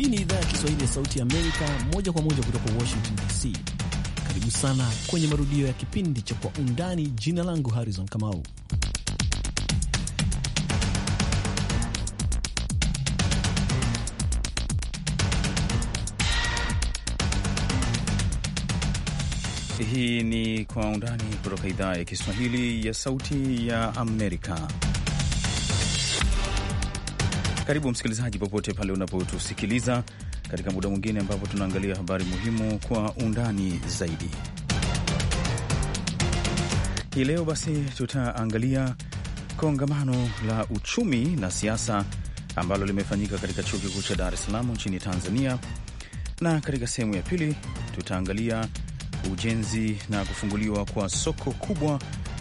Hii ni idhaa ya Kiswahili ya Sauti ya Amerika, moja kwa moja kutoka Washington DC. Karibu sana kwenye marudio ya kipindi cha Kwa Undani. Jina langu Harrison Kamau. Hii ni Kwa Undani kutoka idhaa ya Kiswahili ya Sauti ya Amerika. Karibu msikilizaji, popote pale unapotusikiliza katika muda mwingine ambapo tunaangalia habari muhimu kwa undani zaidi. Hii leo basi tutaangalia kongamano la uchumi na siasa ambalo limefanyika katika chuo kikuu cha Dar es Salaam nchini Tanzania, na katika sehemu ya pili tutaangalia ujenzi na kufunguliwa kwa soko kubwa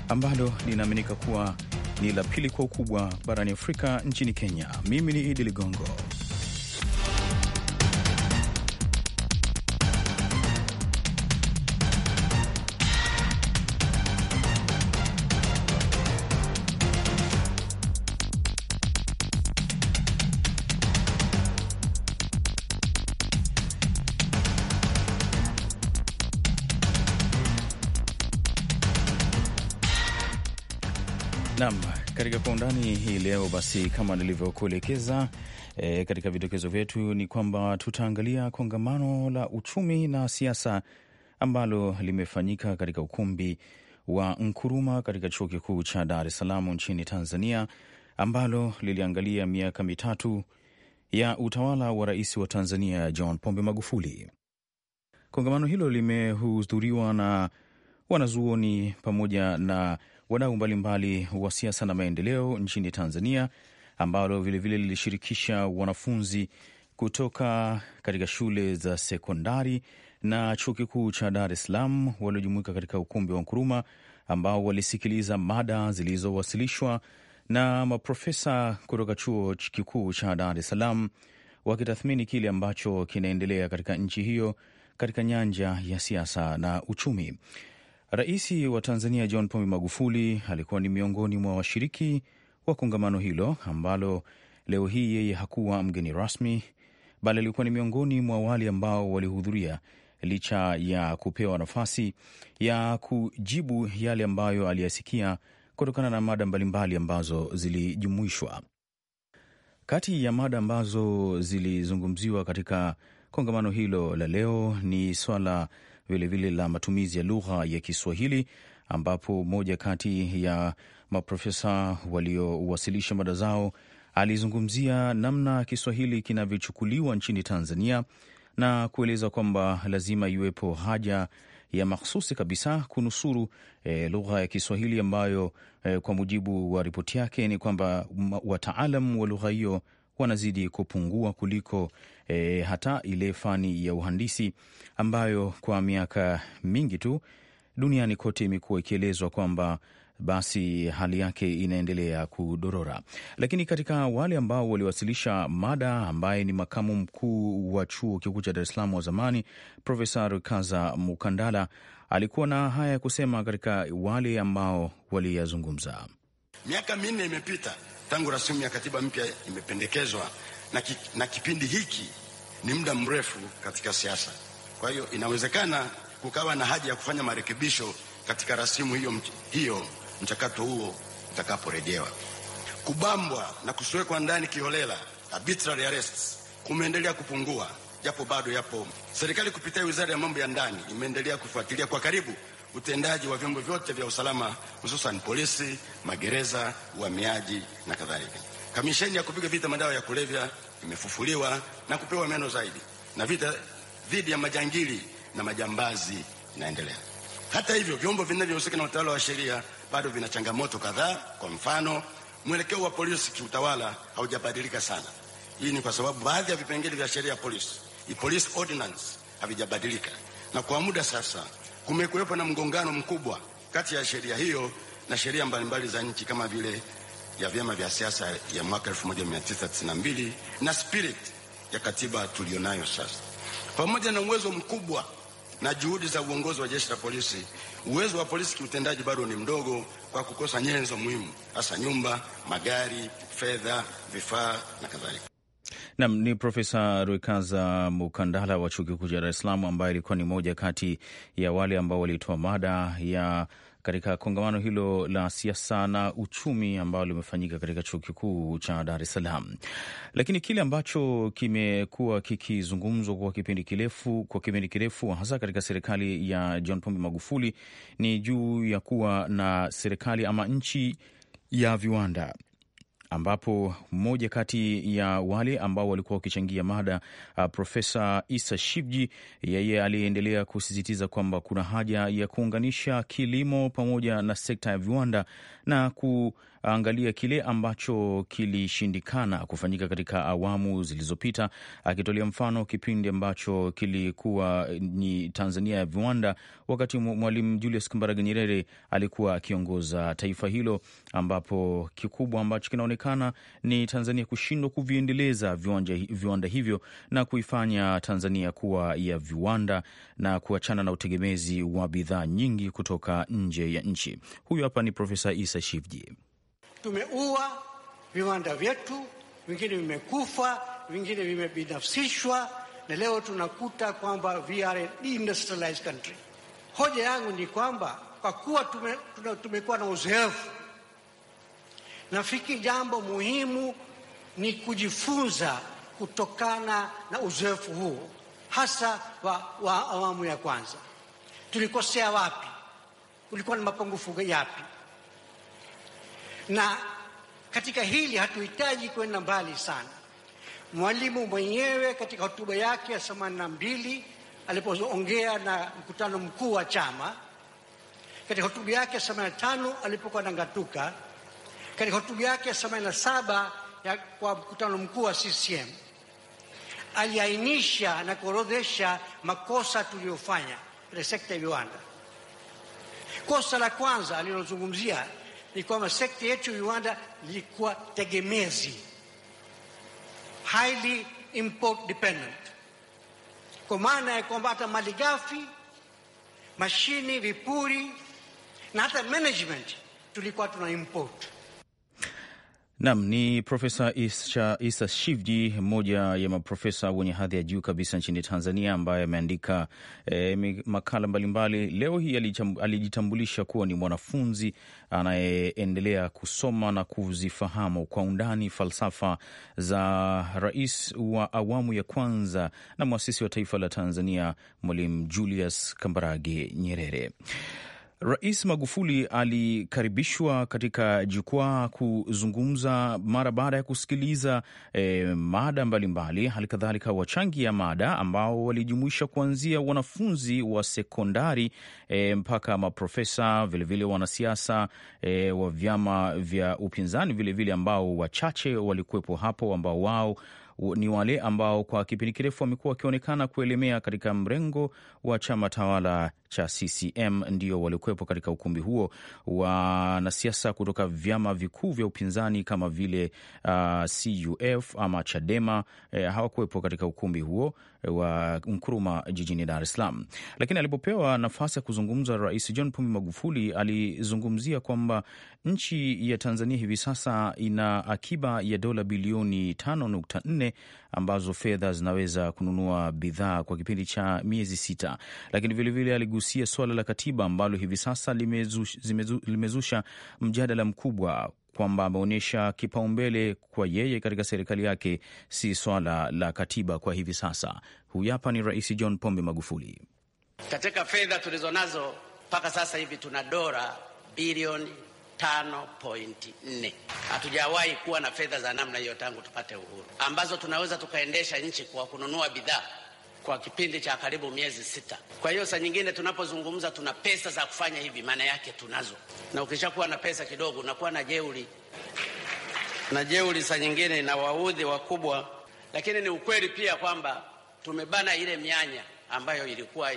ambalo linaaminika kuwa ni la pili kwa ukubwa barani Afrika, nchini Kenya. Mimi ni Idi Ligongo. hii leo, basi kama nilivyokuelekeza e, katika vidokezo vyetu ni kwamba tutaangalia kongamano la uchumi na siasa ambalo limefanyika katika ukumbi wa Nkuruma katika chuo kikuu cha Dar es Salaam nchini Tanzania, ambalo liliangalia miaka mitatu ya utawala wa rais wa Tanzania John Pombe Magufuli. Kongamano hilo limehudhuriwa na wanazuoni pamoja na wadau mbalimbali wa siasa na maendeleo nchini Tanzania, ambalo vilevile lilishirikisha wanafunzi kutoka katika shule za sekondari na chuo kikuu cha Dar es Salaam waliojumuika katika ukumbi wa Nkuruma ambao walisikiliza mada zilizowasilishwa na maprofesa kutoka chuo kikuu cha Dar es Salaam wakitathmini kile ambacho kinaendelea katika nchi hiyo katika nyanja ya siasa na uchumi. Rais wa Tanzania John Pombe Magufuli alikuwa ni miongoni mwa washiriki wa kongamano hilo ambalo leo hii yeye hakuwa mgeni rasmi, bali alikuwa ni miongoni mwa wale ambao walihudhuria licha ya kupewa nafasi ya kujibu yale ambayo aliyasikia kutokana na mada mbalimbali ambazo zilijumuishwa. Kati ya mada ambazo zilizungumziwa katika kongamano hilo la leo ni swala vilevile la matumizi ya lugha ya Kiswahili, ambapo moja kati ya maprofesa waliowasilisha mada zao alizungumzia namna Kiswahili kinavyochukuliwa nchini Tanzania na kueleza kwamba lazima iwepo haja ya mahsusi kabisa kunusuru e, lugha ya Kiswahili ambayo e, kwa mujibu wa ripoti yake ni kwamba wataalam wa lugha hiyo wanazidi kupungua kuliko e, hata ile fani ya uhandisi ambayo kwa miaka mingi tu duniani kote imekuwa ikielezwa kwamba basi hali yake inaendelea kudorora. Lakini katika wale ambao waliwasilisha mada, ambaye ni makamu mkuu wa chuo kikuu cha Dar es Salaam wa zamani Profesa Rukaza Mukandala alikuwa na haya ya kusema katika wale ambao waliyazungumza. Miaka minne imepita tangu rasimu ya katiba mpya imependekezwa na, ki, na kipindi hiki ni muda mrefu katika siasa. Kwa hiyo inawezekana kukawa na haja ya kufanya marekebisho katika rasimu hiyo, hiyo mchakato huo utakaporejewa. Kubambwa na kusiwekwa ndani kiholela arbitrary arrests kumeendelea kupungua japo bado yapo. Serikali kupitia Wizara ya Mambo ya Ndani imeendelea kufuatilia kwa karibu utendaji wa vyombo vyote vya usalama hususan polisi, magereza, uhamiaji na kadhalika. Kamisheni ya kupiga vita madawa ya kulevya imefufuliwa na kupewa meno zaidi, na vita dhidi ya majangili na majambazi inaendelea. Hata hivyo, vyombo vinavyohusika na utawala wa sheria bado vina changamoto kadhaa. Kwa mfano, mwelekeo wa polisi kiutawala haujabadilika sana. Hii ni kwa sababu baadhi ya vipengele vya sheria ya polisi, police ordinance, havijabadilika na kwa muda sasa kumekuwepo na mgongano mkubwa kati ya sheria hiyo na sheria mbalimbali za nchi kama vile ya vyama vya siasa ya mwaka 1992 na spirit ya katiba tuliyonayo sasa, pamoja na uwezo mkubwa na juhudi za uongozi wa jeshi la polisi, uwezo wa polisi kiutendaji bado ni mdogo kwa kukosa nyenzo muhimu, hasa nyumba, magari, fedha, vifaa na kadhalika. Nam ni Profesa Ruikaza Mukandala wa chuo kikuu cha Dar es Salaam, ambaye alikuwa ni moja kati ya wale ambao walitoa mada ya katika kongamano hilo la siasa na uchumi ambalo limefanyika katika chuo kikuu cha Dar es Salaam. Lakini kile ambacho kimekuwa kikizungumzwa kwa kipindi kirefu kwa kipindi kirefu hasa katika serikali ya John Pombe Magufuli ni juu ya kuwa na serikali ama nchi ya viwanda ambapo mmoja kati ya wale ambao walikuwa wakichangia mada uh, Profesa Isa Shivji yeye aliendelea kusisitiza kwamba kuna haja ya kuunganisha kilimo pamoja na sekta ya viwanda na ku angalia kile ambacho kilishindikana kufanyika katika awamu zilizopita, akitolea mfano kipindi ambacho kilikuwa ni Tanzania ya viwanda, wakati Mwalimu Julius Kambarage Nyerere alikuwa akiongoza taifa hilo, ambapo kikubwa ambacho kinaonekana ni Tanzania kushindwa kuviendeleza viwanja, viwanda hivyo na kuifanya Tanzania kuwa ya viwanda na kuachana na utegemezi wa bidhaa nyingi kutoka nje ya nchi. Huyu hapa ni Profesa Isa Shivji tumeua viwanda vyetu, vingine vimekufa, vingine vimebinafsishwa, na leo tunakuta kwamba we are country. Hoja yangu ni kwamba kwa kuwa tume, tumekuwa na uzoefu, nafikiri jambo muhimu ni kujifunza kutokana na uzoefu huo, hasa wa, wa awamu ya kwanza. Tulikosea wapi? Kulikuwa na mapungufu yapi? na katika hili hatuhitaji kwenda mbali sana. Mwalimu mwenyewe katika hotuba yake ya themanini na mbili alipoongea na mkutano mkuu wa chama, katika hotuba yake ya themanini na tano alipokuwa na ngatuka, katika hotuba yake ya themanini na saba ya kwa mkutano mkuu wa CCM aliainisha na kuorodhesha makosa tuliyofanya katika sekta ya viwanda. Kosa la kwanza alilozungumzia ni kwamba sekta yetu ya viwanda ilikuwa tegemezi, highly import dependent, kwa maana ya kwamba hata malighafi, mashini vipuri na hata management tulikuwa tuna import Nam ni Profesa Isa, Isa Shivji, mmoja ya maprofesa wenye hadhi ya juu kabisa nchini Tanzania, ambaye ameandika eh, makala mbalimbali. Leo hii alijitambulisha kuwa ni mwanafunzi anayeendelea kusoma na kuzifahamu kwa undani falsafa za rais wa awamu ya kwanza na mwasisi wa taifa la Tanzania, Mwalimu Julius Kambarage Nyerere. Rais Magufuli alikaribishwa katika jukwaa kuzungumza mara baada ya kusikiliza e, mada mbalimbali, hali kadhalika wachangia mada ambao walijumuisha kuanzia wanafunzi wa sekondari e, mpaka maprofesa, vilevile wanasiasa e, wa vyama vya upinzani vilevile, ambao wachache walikuwepo hapo, ambao wao ni wale ambao kwa kipindi kirefu wamekuwa wakionekana kuelemea katika mrengo wa chama tawala cha CCM ndio waliokuwepo katika ukumbi huo. Wanasiasa kutoka vyama vikuu vya upinzani kama vile uh, ah, CUF ama Chadema eh, hawakuwepo katika ukumbi huo wa Nkuruma jijini Dar es Salaam. Lakini alipopewa nafasi ya kuzungumza, Rais John Pombe Magufuli alizungumzia kwamba nchi ya Tanzania hivi sasa ina akiba ya dola bilioni 5.4 ambazo fedha zinaweza kununua bidhaa kwa kipindi cha miezi sita. Lakini vilevile vile aligusia suala la katiba ambalo hivi sasa limezusha mjadala mkubwa kwamba ameonyesha kipaumbele kwa yeye katika serikali yake si swala la katiba kwa hivi sasa. Huyu hapa ni Rais John Pombe Magufuli. Katika fedha tulizo nazo mpaka sasa hivi tuna dola bilioni 5.4. Hatujawahi kuwa na fedha za namna hiyo tangu tupate uhuru, ambazo tunaweza tukaendesha nchi kwa kununua bidhaa kwa kipindi cha karibu miezi sita. Kwa hiyo saa nyingine tunapozungumza tuna pesa za kufanya hivi, maana yake tunazo, na ukishakuwa na pesa kidogo unakuwa na jeuri na jeuri saa nyingine na waudhi wakubwa, lakini ni ukweli pia kwamba tumebana ile mianya ambayo ilikuwa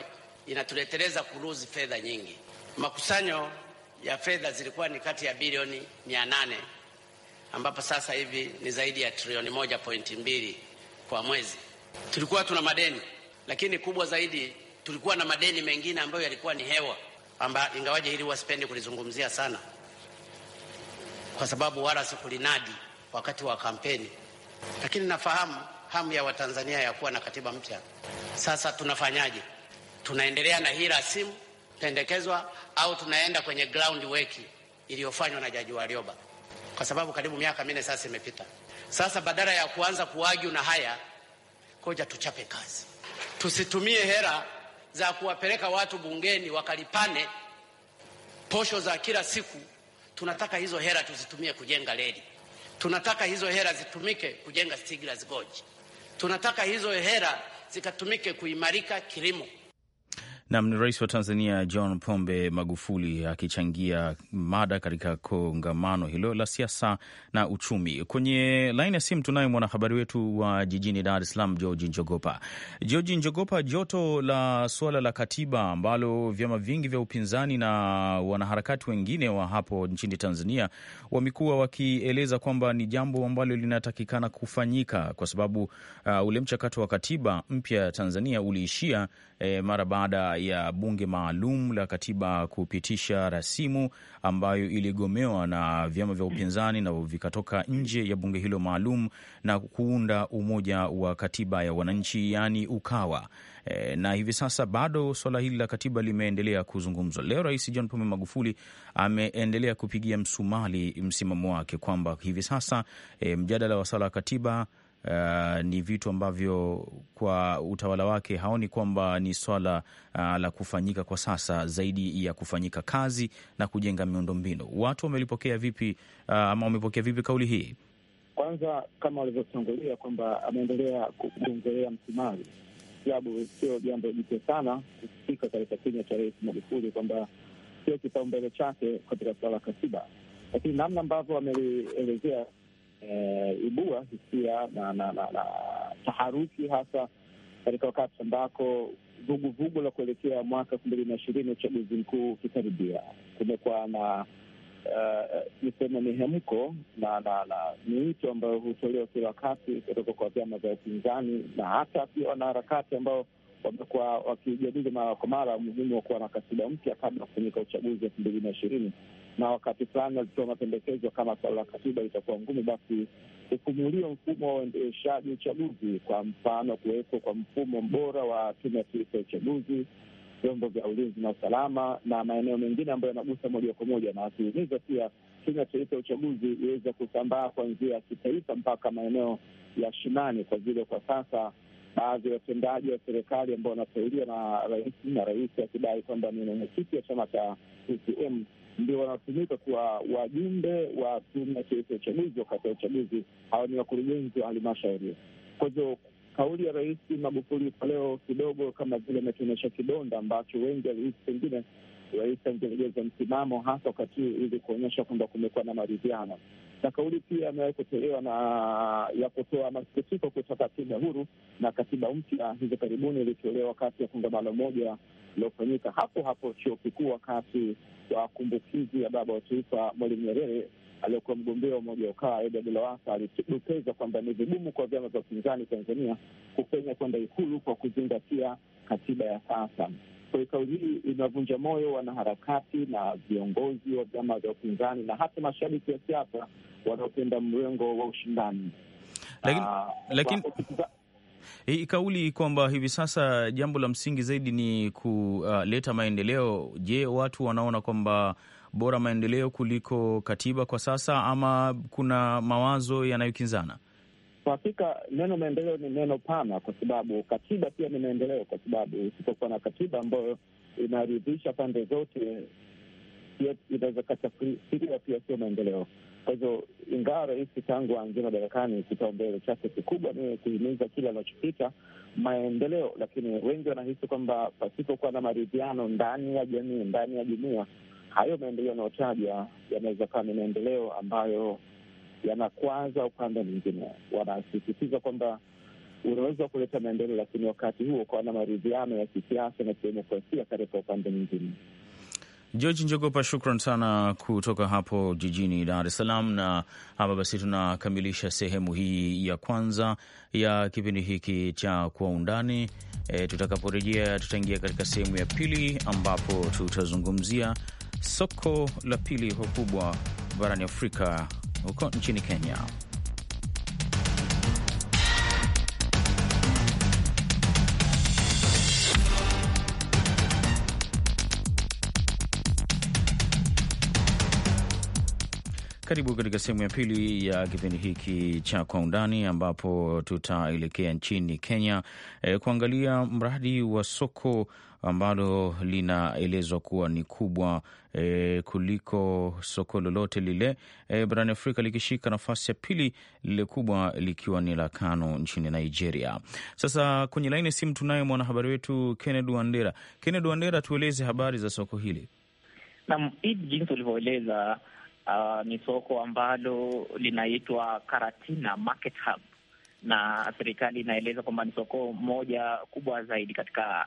inatuleteleza kuruzi fedha nyingi. Makusanyo ya fedha zilikuwa ni kati ya bilioni mia nane ambapo sasa hivi ni zaidi ya trilioni moja pointi mbili kwa mwezi. Tulikuwa tuna madeni lakini kubwa zaidi tulikuwa na madeni mengine ambayo yalikuwa ni hewa, amba ingawaje hili wasipendi kulizungumzia sana, kwa sababu wala sikulinadi wakati wa kampeni, lakini nafahamu hamu ya Watanzania ya kuwa na katiba mpya. Sasa tunafanyaje? Tunaendelea na hii rasimu pendekezwa au tunaenda kwenye ground work iliyofanywa na Jaji Warioba? Kwa sababu karibu miaka minne sasa imepita. Sasa badala ya kuanza kuwaju na haya, koja tuchape kazi. Tusitumie hela za kuwapeleka watu bungeni wakalipane posho za kila siku. Tunataka hizo hela tuzitumie kujenga reli, tunataka hizo hela zitumike kujenga Stiglas Gorge, tunataka hizo hela zikatumike kuimarika kilimo. Nam ni Rais wa Tanzania John Pombe Magufuli akichangia mada katika kongamano hilo la siasa na uchumi. Kwenye laini ya simu tunaye mwanahabari wetu wa jijini Dar es Salaam, Georgi Njogopa. Georgi Njogopa, joto la suala la katiba ambalo vyama vingi vya upinzani na wanaharakati wengine wa hapo nchini Tanzania wamekuwa wakieleza kwamba ni jambo ambalo linatakikana kufanyika kwa sababu uh, ule mchakato wa katiba mpya ya Tanzania uliishia e, mara baada ya bunge maalum la katiba kupitisha rasimu ambayo iligomewa na vyama vya upinzani na vikatoka nje ya bunge hilo maalum na kuunda Umoja wa Katiba ya Wananchi, yani Ukawa e, na hivi sasa bado swala hili la katiba limeendelea kuzungumzwa. Leo Rais John Pombe Magufuli ameendelea kupigia msumali msimamo wake kwamba hivi sasa e, mjadala wa swala la katiba Uh, ni vitu ambavyo kwa utawala wake haoni kwamba ni swala uh, la kufanyika kwa sasa, zaidi ya kufanyika kazi na kujenga miundombinu. Watu wamelipokea vipi uh, ama wamepokea vipi kauli hii? Kwanza kama walivyotangulia kwamba ameendelea kuongelea msumari, sababu sio jambo jipya sana kufika katika kinywa cha Rais Magufuli kwamba sio kipaumbele chake katika suala la katiba, lakini namna ambavyo amelielezea Eh, ibua hisia na, na, na, na taharuki hasa katika wakati ambako vuguvugu la kuelekea mwaka elfu mbili na ishirini uchaguzi mkuu ukikaribia, kumekuwa na eh, niseme uh, mihemko na na na miito ambayo hutolewa kila wakati kutoka kwa vyama vya upinzani na hata pia wanaharakati ambao wamekuwa wakijadili mara kwa mara umuhimu wa kuwa na katiba mpya kabla ya kufanyika uchaguzi elfu mbili na ishirini na wakati fulani walitoa mapendekezo kama swala la katiba litakuwa ngumu, basi kufumuliwa mfumo wa uendeshaji uchaguzi, kwa mfano kuwekwa kwa mfumo bora wa tume ya taifa ya uchaguzi, vyombo vya ulinzi na usalama na maeneo mengine ambayo yanagusa moja kwa moja, na wakihimiza pia tume ya taifa ya uchaguzi iweze kusambaa kwa njia ya kitaifa mpaka maeneo ya shinani, kwa vile kwa sasa baadhi ya watendaji wa serikali ambao wanateuliwa na rais na rais akidai kwamba ni mwenyekiti wa chama cha CCM ndio wanatumika kuwa wajumbe wa tume ya uchaguzi wakati wa uchaguzi. Hawa ni wakurugenzi wa halmashauri. Kwa hivyo kauli ya Rais Magufuli kwa leo kidogo kama vile ametuonyesha kidonda ambacho wengi walihisi pengine rais angelegeza msimamo hasa wakati ili kuonyesha kwamba kumekuwa na maridhiano na kauli pia amewahi kutolewa na ya kutoa masikitiko kutoka tume huru na katiba mpya hivi karibuni ilitolewa wakati ya kongamano moja iliofanyika hapo hapo chuo kikuu wakati wa kumbukizi ya baba wa taifa Mwalimu Nyerere aliyokuwa mgombea wa umoja ukaa UKAWA Edward Lowassa alidokeza kwamba ni vigumu kwa vyama vya upinzani Tanzania kupenya kwenda Ikulu kwa kuzingatia katiba ya sasa. Kwa hiyo kauli hii inavunja moyo wanaharakati na viongozi wa vyama vya upinzani na hata mashabiki wa siasa wanaopenda mrengo wa ushindani. lakini, uh, Hii kauli kwamba hivi sasa jambo la msingi zaidi ni kuleta maendeleo. Je, watu wanaona kwamba bora maendeleo kuliko katiba kwa sasa, ama kuna mawazo yanayokinzana? Kwa hakika neno maendeleo ni neno pana, kwa sababu katiba pia ni maendeleo, kwa sababu isipokuwa na katiba ambayo inaridhisha pande zote inaweza katafsiriwa pia sio maendeleo. Kwa hivyo, ingawa rais tangu aingia madarakani, kipaumbele chake kikubwa ni kuhimiza kile anachopita maendeleo, lakini wengi wanahisi kwamba pasipokuwa na maridhiano ndani ya jamii, ndani ya jumuia, hayo maendeleo yanayotajwa yanaweza kawa ni maendeleo ambayo yanakwaza upande mwingine. Wanasisitiza kwamba unaweza kuleta maendeleo, lakini wakati huo na maridhiano ya kisiasa na kidemokrasia katika upande mwingine. George Njogopa, shukran sana kutoka hapo jijini Dar es Salaam. Na hapa basi tunakamilisha sehemu hii ya kwanza ya kipindi hiki cha Kwa Undani. E, tutakaporejea tutaingia katika sehemu ya pili ambapo tutazungumzia soko la pili kwa kubwa barani Afrika huko nchini Kenya. Karibu katika sehemu ya pili ya kipindi hiki cha Kwa Undani, ambapo tutaelekea nchini Kenya eh, kuangalia mradi wa soko ambalo linaelezwa kuwa ni kubwa e, kuliko soko lolote lile e, barani Afrika, likishika nafasi ya pili, lile kubwa likiwa ni la Kano nchini Nigeria. Sasa kwenye laini ya simu tunaye mwanahabari wetu Kennedy Wandera. Kennedy Wandera, tueleze habari za soko hili. Naam, jinsi ulivyoeleza, uh, ni soko ambalo linaitwa Karatina Market Hub na serikali inaeleza kwamba ni soko moja kubwa zaidi katika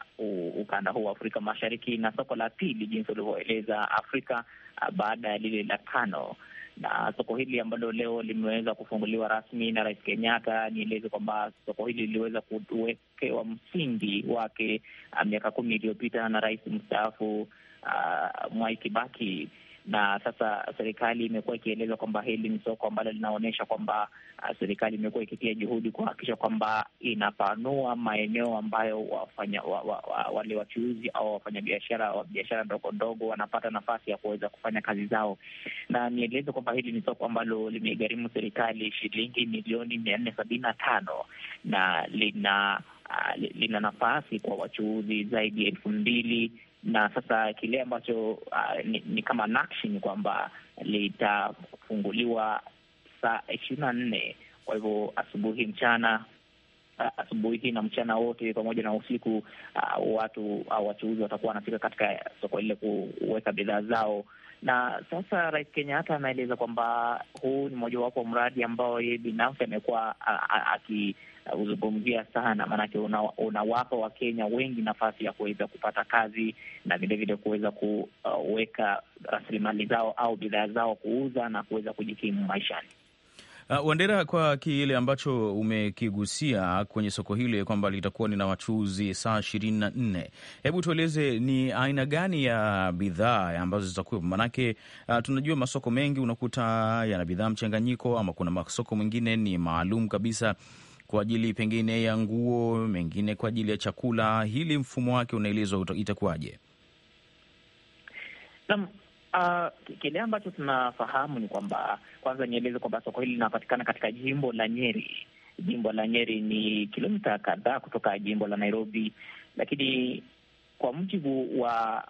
ukanda huu wa Afrika Mashariki na soko la pili jinsi ulivyoeleza Afrika uh, baada ya lile la Kano na soko hili ambalo leo limeweza kufunguliwa rasmi na Rais Kenyatta, nieleze kwamba soko hili liliweza kuwekewa msingi wake uh, miaka kumi iliyopita na rais mstaafu uh, Mwai Kibaki na sasa serikali imekuwa ikieleza kwamba hili ni soko ambalo linaonyesha kwamba uh, serikali imekuwa ikitia juhudi kuhakikisha kwamba inapanua maeneo ambayo wafanya wa, wa, wa, wale wachuuzi au wafanyabiashara wa biashara ndogo ndogo wanapata nafasi ya kuweza kufanya kazi zao, na nieleze kwamba hili ni soko ambalo limegharimu serikali shilingi milioni mia nne sabini na tano na lina uh, lina nafasi kwa wachuuzi zaidi ya elfu mbili na sasa kile ambacho uh, ni, ni kama nakshi ni kwamba litafunguliwa saa ishirini na nne kwa hivyo asubuhi, mchana asubuhi hii na mchana wote pamoja na usiku uh, watu au uh, wachuuzi watakuwa wanafika katika soko lile kuweka bidhaa zao. Na sasa Rais Kenyatta anaeleza kwamba huu ni mojawapo wa mradi ambao yeye binafsi amekuwa uh, uh, akiuzungumzia sana, maanake unawapa una Wakenya wengi nafasi ya kuweza kupata kazi na vilevile kuweza kuweka rasilimali zao au bidhaa zao kuuza na kuweza kujikimu maishani. Uh, Wandera, kwa kile ambacho umekigusia kwenye soko hili kwamba litakuwa lina wachuuzi saa ishirini na nne, hebu tueleze ni aina gani ya bidhaa ambazo zitakuwepo? Maanake uh, tunajua masoko mengi unakuta yana bidhaa mchanganyiko, ama kuna masoko mengine ni maalum kabisa kwa ajili pengine ya nguo, mengine kwa ajili ya chakula. Hili mfumo wake unaelezwa itakuwaje? Uh, kile ambacho tunafahamu ni kwamba, kwanza nieleze kwamba soko hili linapatikana katika jimbo la Nyeri. Jimbo la Nyeri ni kilomita kadhaa kutoka jimbo la Nairobi, lakini kwa mujibu wa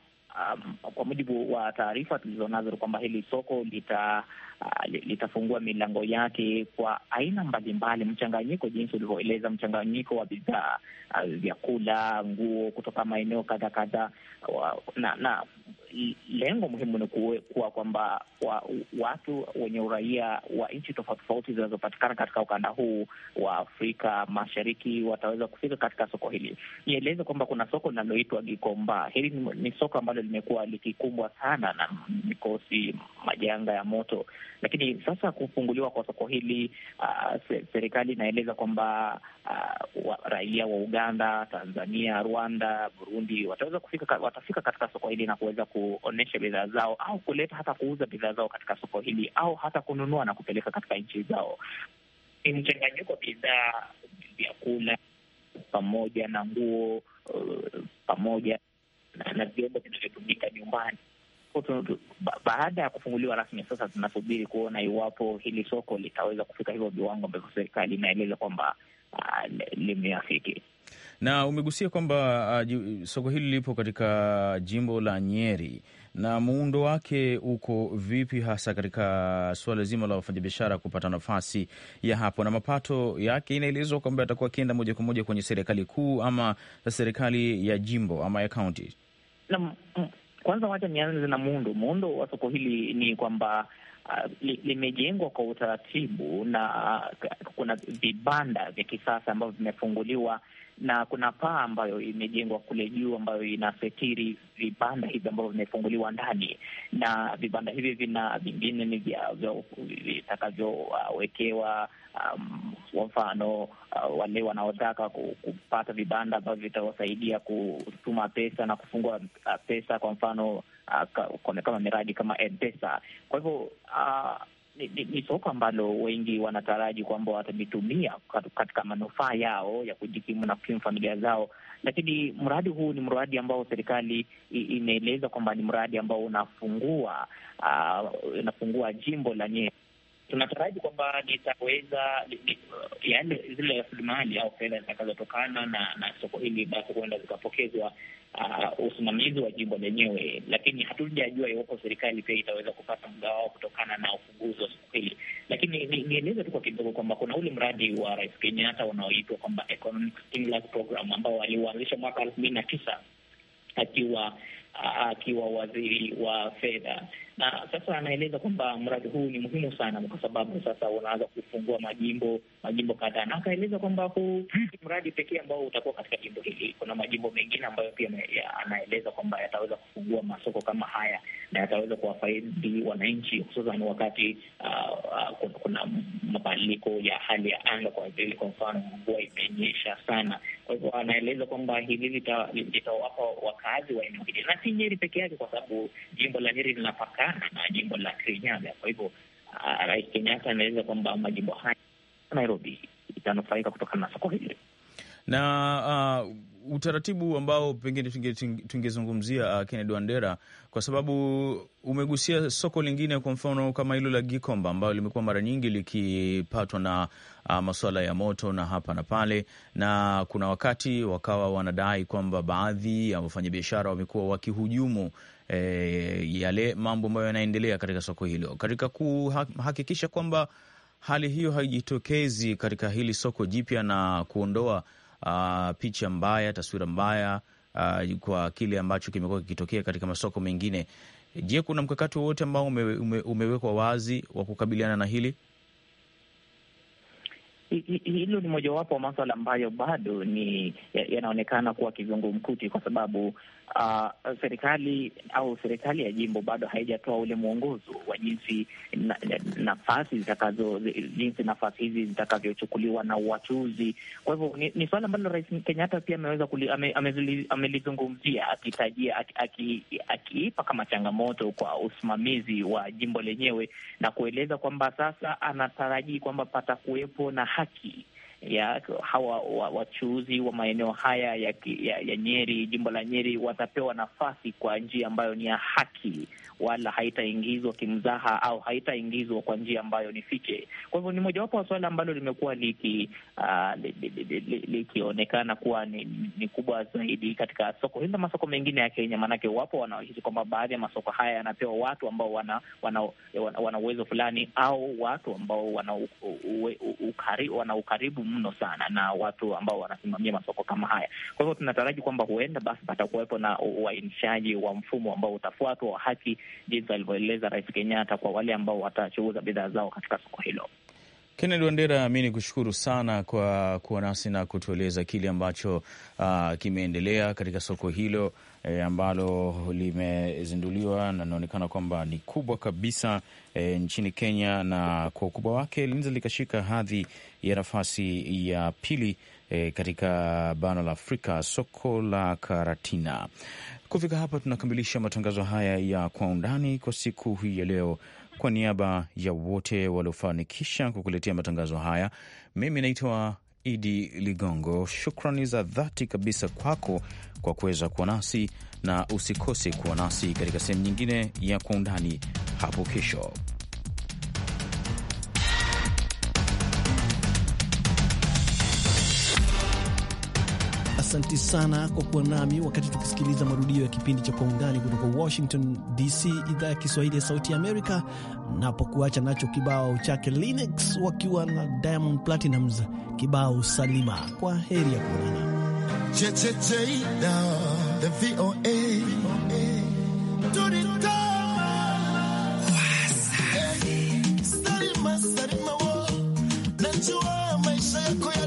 um, kwa mujibu wa taarifa tulizonazo ni kwamba hili soko lita uh, litafungua milango yake kwa aina mbalimbali, mchanganyiko, jinsi ulivyoeleza, mchanganyiko wa bidhaa, uh, vyakula, nguo kutoka maeneo kadha kadha, na, na lengo muhimu ni kuwa kwamba wa, watu wenye uraia wa nchi tofauti tofauti zinazopatikana katika ukanda huu wa Afrika Mashariki wataweza kufika katika soko hili. Nieleze kwamba kuna soko linaloitwa Gikomba. Hili ni, ni soko ambalo limekuwa likikumbwa sana na mikosi, majanga ya moto, lakini sasa kufunguliwa kwa soko hili uh, serikali inaeleza kwamba uh, wa, raia wa Uganda, Tanzania, Rwanda, Burundi wataweza kufika, watafika katika soko hili na kuweza ku kuonyesha bidhaa zao au kuleta hata kuuza bidhaa zao katika soko hili au hata kununua na kupeleka katika nchi zao. Ni mchanganyiko wa bidhaa, vyakula pamoja na nguo uh, pamoja na vyombo vinavyotumika nyumbani. Baada ya kufunguliwa rasmi, sasa tunasubiri kuona iwapo hili soko litaweza kufika hivyo viwango ambavyo serikali inaeleza kwamba uh, limeafiki. Na umegusia kwamba uh, soko hili lipo katika jimbo la Nyeri na muundo wake uko vipi hasa katika suala zima la wafanyabiashara kupata nafasi ya hapo, na mapato yake inaelezwa kwamba yatakuwa akienda moja kwa moja kwenye serikali kuu ama serikali ya jimbo ama ya kaunti. Na mm, kwanza, wacha nianze na muundo. Muundo wa soko hili ni kwamba Uh, limejengwa kwa utaratibu na uh, kuna vibanda vya kisasa ambavyo vimefunguliwa na kuna paa ambayo imejengwa kule juu ambayo inafetiri vibanda hivi ambavyo vimefunguliwa ndani, na vibanda hivi vina vingine ni vitakavyowekewa um, kwa mfano uh, wale wanaotaka kupata vibanda ambavyo vitawasaidia kutuma pesa na kufungua uh, pesa, kwa mfano uh, kama miradi kama M-Pesa. Kwa hivyo uh, ni, ni, ni soko ambalo wengi wanataraji kwamba watalitumia katika manufaa yao ya kujikimu na kukimu familia zao, lakini mradi huu ni mradi ambao serikali imeeleza kwamba ni mradi ambao unafungua uh, unafungua jimbo la Nyeri. Tunataraji kwamba litaweza yaani, zile rasilimali au fedha zitakazotokana na, na soko hili basi huenda zikapokezwa uh, usimamizi wa jimbo lenyewe, lakini hatujajua iwapo serikali pia itaweza kupata mgawao kutokana na ufunguzi wa siku hili. Lakini nieleze ni tu kwa kidogo kwamba kuna ule mradi wa Rais Kenyatta unaoitwa kwamba Economic Stimulus Program ambao aliuanzisha mwaka elfu mbili na tisa akiwa akiwa waziri wa fedha, na sasa anaeleza kwamba mradi huu ni muhimu sana kwa sababu sasa unaanza kufungua majimbo majimbo kadhaa, na akaeleza kwamba huu mradi pekee ambao utakuwa katika jimbo hili. Kuna majimbo mengine ambayo pia anaeleza kwamba yataweza kufungua masoko kama haya na yataweza kuwafaidi wananchi, hususan wakati uh, uh, kuna mabadiliko ya hali ya anga, kwa vile kwa mfano mvua imenyesha sana kwa hivyo anaeleza kwamba hili litawapa wakazi wa eneo hili, na si Nyeri peke yake, kwa sababu jimbo la Nyeri linapakana na jimbo la Kirinyaga. Kwa hivyo ah, Rais Kenyatta anaeleza kwamba majimbo haya Nairobi itanufaika kutokana na soko hili na uh utaratibu ambao pengine tungezungumzia uh, Kennedy Wandera, kwa sababu umegusia soko lingine, kwa mfano kama hilo la Gikomba ambayo limekuwa mara nyingi likipatwa na uh, masuala ya moto na hapa na pale, na kuna wakati wakawa wanadai kwamba baadhi ya wafanyabiashara wamekuwa wakihujumu E, yale mambo ambayo yanaendelea katika soko hilo katika kuhakikisha kwamba hali hiyo haijitokezi katika hili soko jipya na kuondoa uh, picha mbaya, taswira mbaya uh, kwa kile ambacho kimekuwa kikitokea katika masoko mengine. Je, kuna mkakati wowote ambao ume, ume, umewekwa wazi wa kukabiliana na hili? Hilo ni mojawapo wa maswala ambayo bado ni yanaonekana kuwa kizungumkuti, kwa sababu uh, serikali au serikali ya jimbo bado haijatoa ule mwongozo wa jinsi na, nafasi zitakazo jinsi nafasi hizi zitakavyochukuliwa na uwachuzi. Kwa hivyo ni, ni suala ambalo Rais Kenyatta pia ameweza amelizungumzia ame, akitajia akiipa aki, kama changamoto kwa usimamizi wa jimbo lenyewe na kueleza kwamba sasa anatarajii kwamba patakuwepo na haki ya hawa wachuuzi wa, wa maeneo haya ya, ya, ya Nyeri, jimbo la Nyeri, watapewa nafasi kwa njia ambayo ni ya haki, wala haitaingizwa kimzaha au haitaingizwa kwa njia ambayo ni fiche. Kwa hivyo ni mojawapo wa suala ambalo limekuwa ah, likionekana uh, kuwa ni, ni kubwa zaidi katika soko hili na masoko mengine ya Kenya, maanake wapo wanaohisi kwamba baadhi ya masoko haya yanapewa watu ambao wana wana uwezo fulani au watu ambao wana ukaribu mno sana na watu ambao wanasimamia masoko kama haya. Kwa hivyo tunataraji kwamba huenda basi patakuwepo na uainishaji wa mfumo ambao utafuatwa wa haki, jinsi alivyoeleza Rais Kenyatta kwa wale ambao watachuuza bidhaa zao katika soko hilo. Kennedy Wandera, mi ni kushukuru sana kwa kuwa nasi na kutueleza kile ambacho uh, kimeendelea katika soko hilo e, ambalo limezinduliwa na inaonekana kwamba ni kubwa kabisa e, nchini Kenya, na kwa ukubwa wake linaweza likashika hadhi ya nafasi ya pili e, katika bara la Afrika, soko la Karatina. Kufika hapa, tunakamilisha matangazo haya ya kwa undani kwa siku hii ya leo. Kwa niaba ya wote waliofanikisha kukuletea matangazo haya, mimi naitwa Idi Ligongo, shukrani za dhati kabisa kwako kwa kuweza kuwa nasi, na usikose kuwa nasi katika sehemu nyingine ya Kwa Undani hapo kesho. asanti sana kwa kuwa nami wakati tukisikiliza marudio ya kipindi cha Kwa Undani kutoka Washington DC, idhaa ya Kiswahili ya Sauti Amerika, napokuacha nacho kibao chake Linux wakiwa na Diamond platinums kibao Salima. Kwa heri ya kuonana. Salima, Salima, najua maisha yako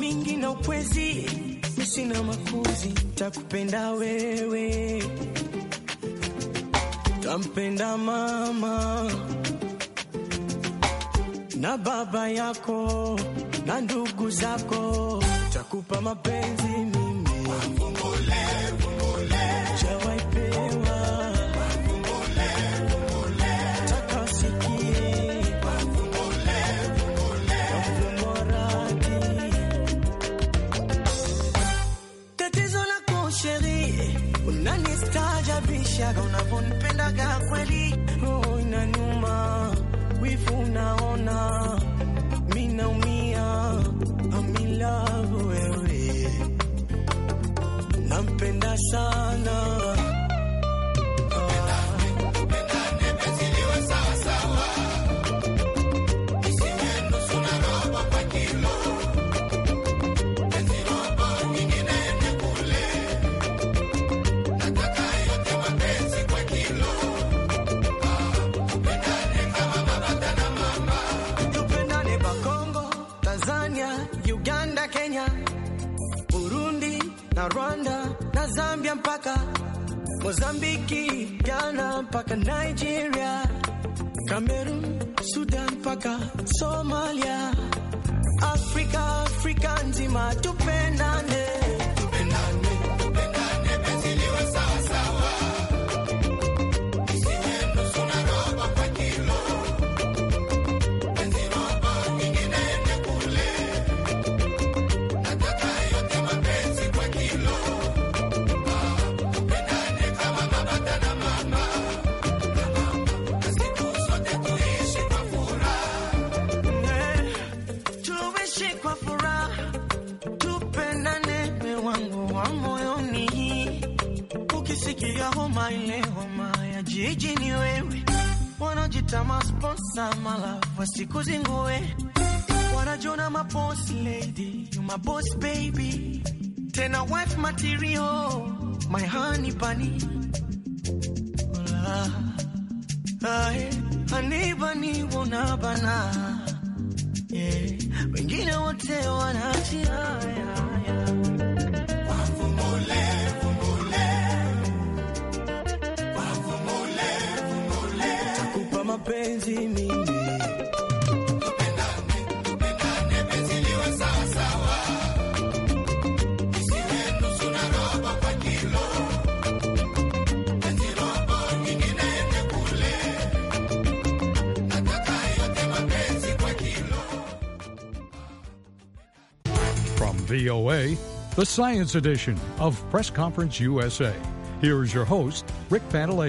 mingi na upwezi, mi sina makuzi, takupenda wewe, tampenda mama na baba yako na ndugu zako, takupa mapenzi Uganda, Kenya, Burundi na Rwanda na Zambia mpaka Mozambiki, Ghana mpaka Nigeria, Cameroon, Sudan mpaka Somalia. Afrika, Afrika nzima tupendane. ya homa, ile homa ya jiji ni wewe. Wanajita masponsa mala wasikuzingue, wanajona maboss lady, you my boss baby, tena wife material, my honey bunny Ola. Ae, honey bunny wona bana yeah. Wengine wote wanachia mimi From VOA, the Science Edition of Press Conference USA. Here's your host, Rick Panteley.